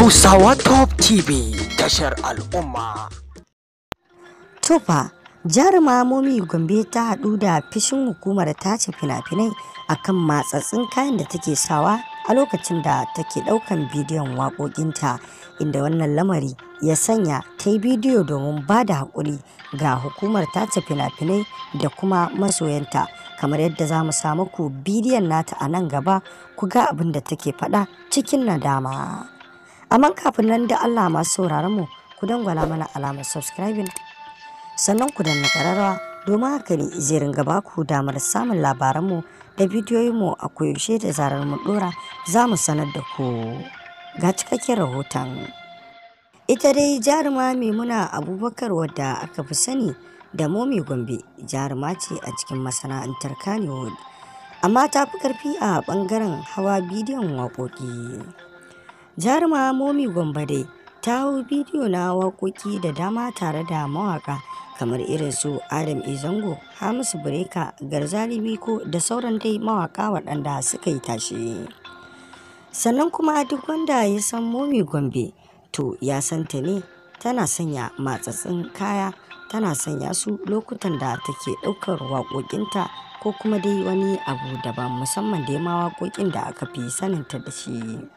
Hausawa Top TV tashar al'umma. Tufa jaruma momi gombe ta haɗu da fishin hukumar tace fina-finai a kan matsatsin kayan da take sawa a lokacin da take ɗaukan bidiyon waƙoƙinta inda wannan lamari ya sanya ta yi bidiyo domin ba da haƙuri ga hukumar tace fina-finai da kuma masoyanta. kamar yadda za mu samu ku bidiyon nata a nan gaba ku ga abin da take faɗa cikin nadama. amman kafin nan da Allah masu sauraron mu ku dangwala mana alamar subscribing sannan ku danna kararrawa domin haka ne zai ringa ba ku damar samun labaran mu da bidiyoyinmu a koyaushe da zarar mu dora za mu sanar da ku ga cikakken rahoton ita dai jaruma maimuna abubakar wadda aka fi sani da momi gombe jaruma ce a cikin masana'antar kanewood amma ta fi karfi a bangaren hawa bidiyon waƙoƙi Jaruma Momi Gombade ta hau bidiyo na waƙoƙi da dama tare da mawaƙa kamar irin su Adam Izango, Hamisu Breka, Garzali Biko da sauran dai mawaƙa waɗanda suka yi tashe. Sannan kuma duk wanda ya san Momi Gombe to ya san ta ne tana sanya matsatsin kaya tana sanya su lokutan da take ɗaukar waƙoƙinta ko kuma dai wani abu daban musamman da ma waƙoƙin da aka fi saninta da shi.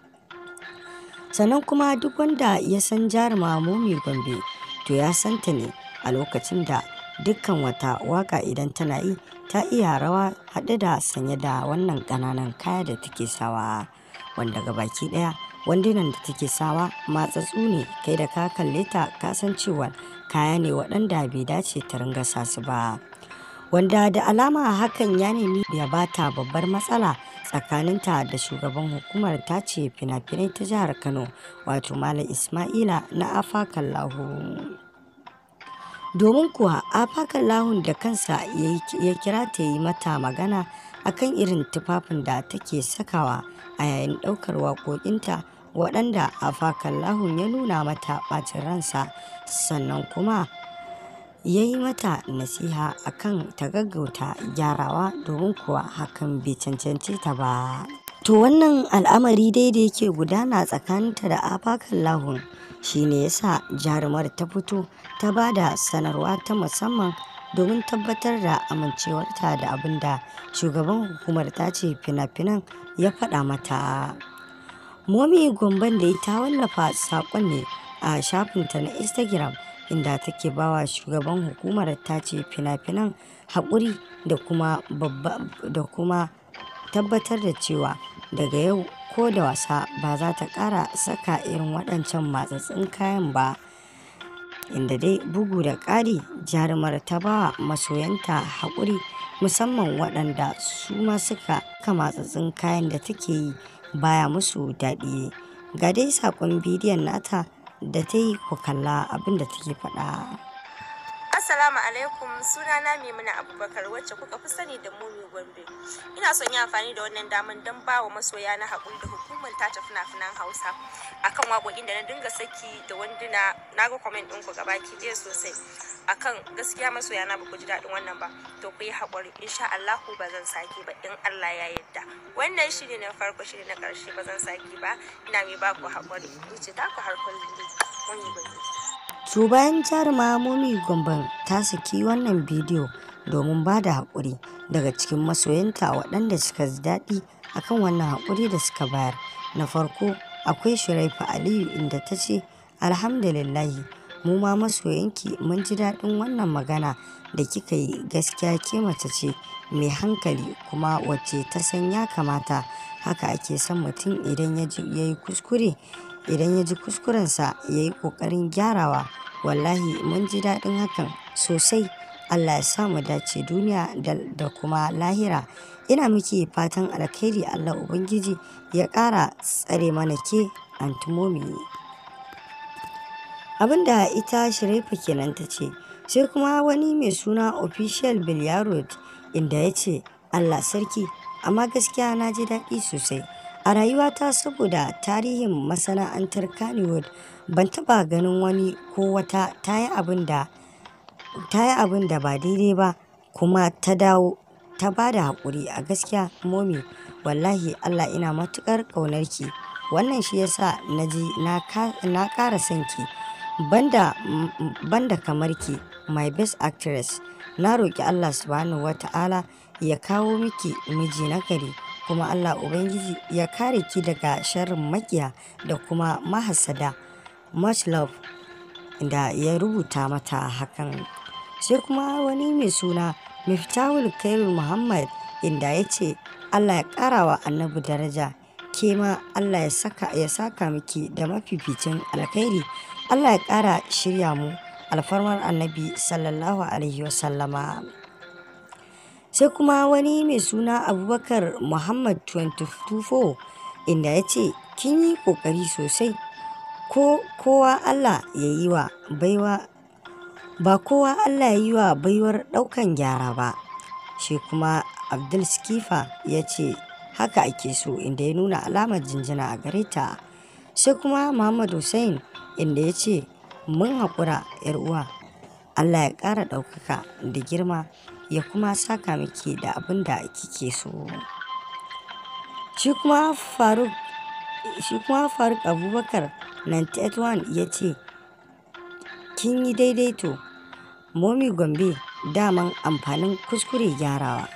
sannan kuma duk wanda ya san jaruma momi gombe to ya santa ne a lokacin da dukkan wata waka idan tana yi ta iya rawa haɗe da sanye da wannan ƙananan kaya da take sawa wanda ga baki ɗaya wandunan da take sawa matsatsu ne kai da ka kalle ta kasancewar kaya ne waɗanda bai dace ta ringa su ba. wanda da alama hakan ya nemi ya bata babbar matsala tsakaninta da shugaban hukumar ta ce fina-finai ta jihar kano wato malam ismaila na afakan lahu domin kuwa afakan lahun da kansa ya kira ta yi mata magana akan irin tufafin da take sakawa a yayin daukar waƙoƙinta waɗanda afakan lahun ya nuna mata ɓacin ransa sannan kuma ya yi mata nasiha akan ta gaggauta gyarawa domin kuwa hakan bai cancanci ta ba. To wannan al'amari dai da yake gudana tsakaninta da afakan lahun shi ne ya sa jarumar ta fito ta ba da sanarwa ta musamman domin tabbatar da amincewarta da abin da shugaban hukumar ta ce fina-finan ya faɗa mata. Momi Gomban da ta wallafa saƙon ne a shafinta na Instagram. inda take bawa shugaban hukumar ta ce fina-finan haƙuri da kuma tabbatar da cewa daga yau ko da wasa ba za ta ƙara saka irin waɗancan matsatsin kayan ba inda dai bugu da ƙari jarumar ta ba masoyanta haƙuri musamman waɗanda su ma suka kama tsatsin kayan da take yi baya musu daɗi ga dai saƙon bidiyon nata da ta yi ku kalla abin da take faɗa. Assalamu alaikum sunana Maimuna Abubakar wacce kuka fi sani da Mumi Gombe. Ina son yi amfani da wannan daman don ba wa masoya na haƙuri da hukumar tace fina-finan Hausa akan waƙoƙin da na dinga saki da wanduna na ga comment ɗinku gaba ki sosai. akan gaskiya masoya na ba ku ji daɗin wannan ba to ku yi haƙuri insha Allahu ba zan sake ba in Allah ya yarda wannan shiri na farko shiri na ƙarshe ba zan sake ba ina mai ba ku haƙuri wuce ta ku har kullum mun yi to bayan jaruma momi gomban ta saki wannan bidiyo domin ba da haƙuri daga cikin masoyanta waɗanda suka ji daɗi akan wannan haƙuri da suka bayar na farko akwai shiraifa aliyu inda ta ce alhamdulillahi Mu ma masoyanki mun ji daɗin wannan magana da kika yi gaskiya ke mace ce mai hankali kuma wacce ta san ya kamata. Haka ake son mutum idan ya yi kuskure, idan ya ji kuskurensa ya yi ƙoƙarin gyarawa. Wallahi mun ji daɗin hakan sosai. Allah ya sa mu dace duniya da kuma lahira. Ina miki fatan alkhairi. Allah Ubangiji ya ƙara tsare mana ke, Anty abin da ita shirefa kenan ta ce sai kuma wani mai suna official billiard inda ya ce allah sarki amma gaskiya na ji daɗi sosai a rayuwata saboda tarihin masana'antar kannywood ban taɓa ganin wani ko wata ta yi abin da ba daidai ba kuma ta dawo ta ba da haƙuri a gaskiya momi wallahi allah ina matuƙar ƙaunarki wannan shi yasa na ji na ƙara sanki Banda, banda kamar ki, my best actress, na roƙi Allah subhanahu wa ta'ala ya kawo miki miji na gari kuma Allah Ubangiji ya kare ki daga sharrin makiya da kuma mahasada. Much love da ya rubuta mata hakan. Sai kuma wani mai suna miftawul Kairu Muhammad inda ya ce Allah ya ƙara wa annabi daraja. ke ma Allah ya saka ya saka miki da mafificin alkhairi Allah ya ƙara shirya mu alfarmar annabi sallallahu alaihi wasallama sai kuma wani mai suna abubakar muhammad 24 inda ya ce kin yi kokari sosai ko kowa Allah ya yi wa baiwa ba kowa Allah ya yi wa baiwar ɗaukan gyara ba shi kuma abdul skifa ya ce haka ake so inda ya nuna alamar jinjina a gare ta sai kuma muhammad hussein inda ya ce mun haƙura yar uwa allah ya ƙara ɗaukaka da girma ya kuma saka miki da abin da kike so shi kuma faruk abubakar 91 ya ce kin yi daidaito momi gombe daman amfanin kuskure gyarawa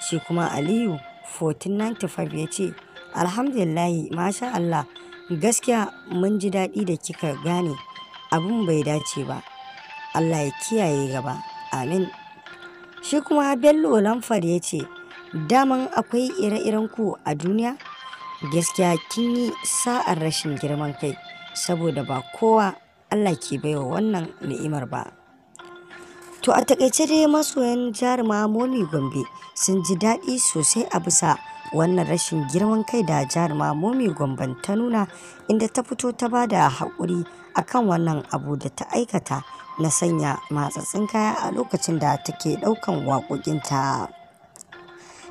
shi kuma aliyu 1495 ya ce, Alhamdulillahi, Masha Allah, gaskiya mun ji daɗi da kika gane abin bai dace ba. Allah ya kiyaye gaba. Amin. Shi kuma Bello Lamfar ya ce, Daman akwai ire-iren ku a duniya? Gaskiya kin yi sa'ar rashin girman kai, saboda ba kowa Allah ke baiwa wannan ni'imar ba. To a takaice dai masoyan jaruma Momi Gombe sun ji daɗi sosai a bisa wannan rashin girman kai da jaruma Momi Gomben ta nuna inda ta fito ta ba da haƙuri kan wannan abu da ta aikata na sanya matsatsin kaya a lokacin da take ɗaukan waƙoƙinta.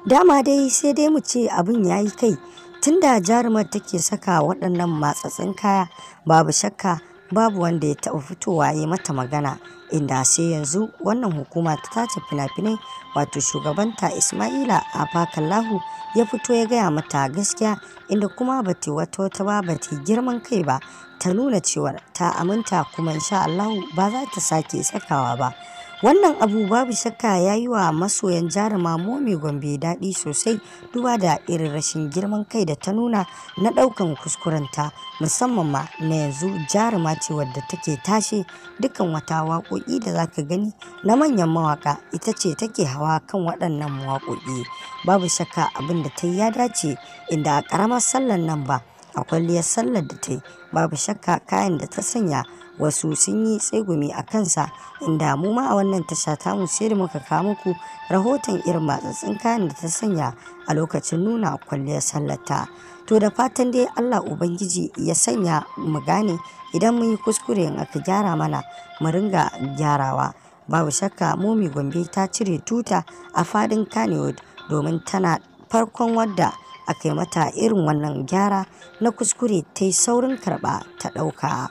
Dama dai sai dai mu ce abin ya yi kai tunda jarumar take saka waɗannan matsatsin kaya babu shakka babu wanda ya taɓa fitowa ya mata magana inda sai yanzu wannan hukuma ta tace fina-finai wato shugabanta ismaila abakallahu ya fito ya gaya mata gaskiya inda kuma ba ta wata wata ba ba girman kai ba ta nuna cewar ta aminta kuma insha allahu ba za ta sake sakawa ba Wannan abu babu shakka ya yi wa masoyan jarima Momi Gombe daɗi sosai duba da irin rashin girman kai da ta nuna na ɗaukan kuskurenta musamman ma na yanzu jaruma ce wadda take tashe dukkan wata waƙoƙi da za ka gani na manyan mawaƙa ita ce take hawa kan waɗannan mawaƙoƙi Babu shakka abin da ta yi ya dace inda a ƙaramar sallar nan ba. a kwalliyar sallar da ta yi, babu shakka kayan da ta sanya wasu sun yi tsegumi a kansa inda mu ma a wannan tasha ta mu sai da muka kawo muku rahoton irin matsatsin kayan da ta sanya a lokacin nuna kwalliyar sallar ta. To da fatan dai Allah Ubangiji ya sanya mu gane idan mun yi kuskure in aka gyara mana mu ringa gyarawa. Babu shakka Momi Gombe ta cire tuta a fadin Kannywood domin tana farkon wadda aka yi mata irin wannan gyara na kuskure ta yi saurin karɓa ta ɗauka.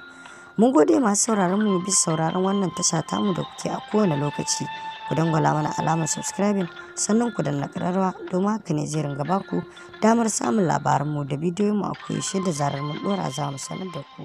Mun gode masu sauraron mu bisa sauraron wannan tasha tamu da kuke a kowane lokaci. Ku dangwala mana alamar subscribing sannan ku danna kararwa domin haka ne zai ringa baku damar samun labaranmu da mu a koyaushe da zarar mun ɗora za mu sanar da ku.